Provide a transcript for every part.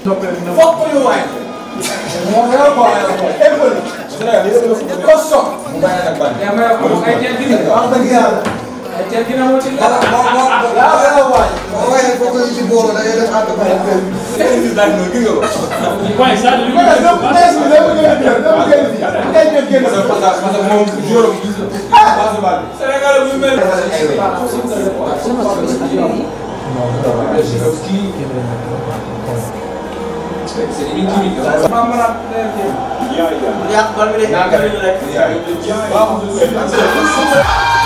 Fuck your wife. Morreu agora. É bonito. Ficou só. É a melhor coisa. Aí tem aqui. Olha aqui, não Aí tem aqui na mochila. Lá, lá, lá. Lá, lá, lá. Olha, pouco de bolo. Daí ele mata para ele. Felicidade no Guilherme. Mas sabe, não é mesmo, não é mesmo, não é mesmo. Não é mesmo. Não é mesmo. Mas eu faço um juro. Faço vale. Será que era o primeiro? Não, não. Eu acho que... i Yeah, yeah.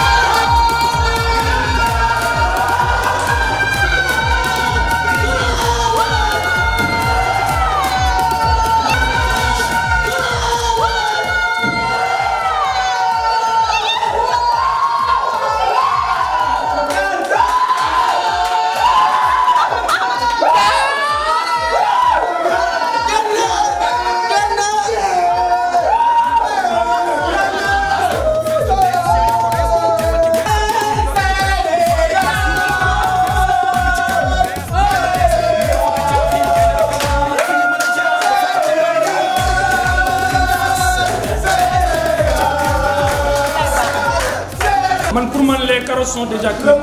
man pour man les carottes sont déjà cuites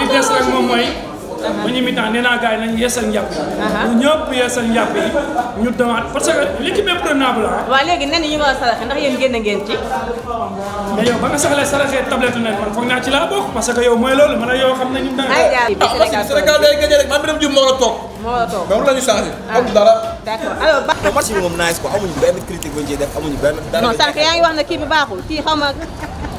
li des rek moom mooy. ba ñu mitaan nee naa gars yi nañu yeesal njàpp yi. Uh-huh. bu ñëpp yeesal njàpp yi ñu demaat parce que l'équipe est prenable ah. waaw léegi nen yi ñu war a saraxe ndax yéen génn ngeen ci. mais yow ba nga saxlee saraxee tablette nen man foog naa ci laa bokk parce que yow mooy loolu man ak yow xam nañu. ay jaay ah, bi Sénégal Sénégal day gagné rek man mii dem jiw moo la toog. moo la toog donc la ñu changé. Ah, amul dara d'accord alors. ba match bi moom nice ko amuñu benn critique bu ñu ciy def amuñu benn. dara non sànq yaa ngi wax ne kii bi baaxul kii xaw ma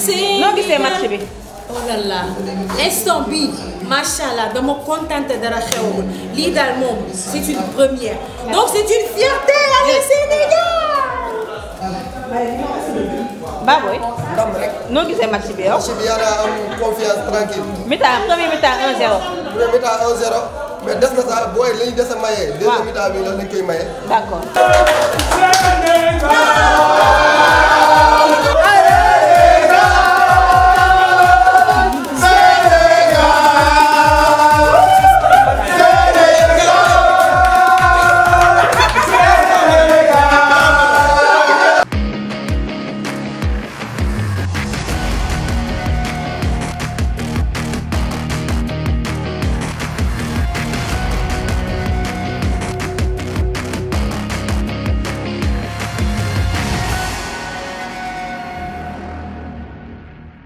fait m'a match bi. là là machallah, je suis contente de la lii daal c'est une première. donc c'est une fierté à le Sénégal. Bah ndam rek. fait match bi ma confiance tranquille. premier 1-0. mais d'accord.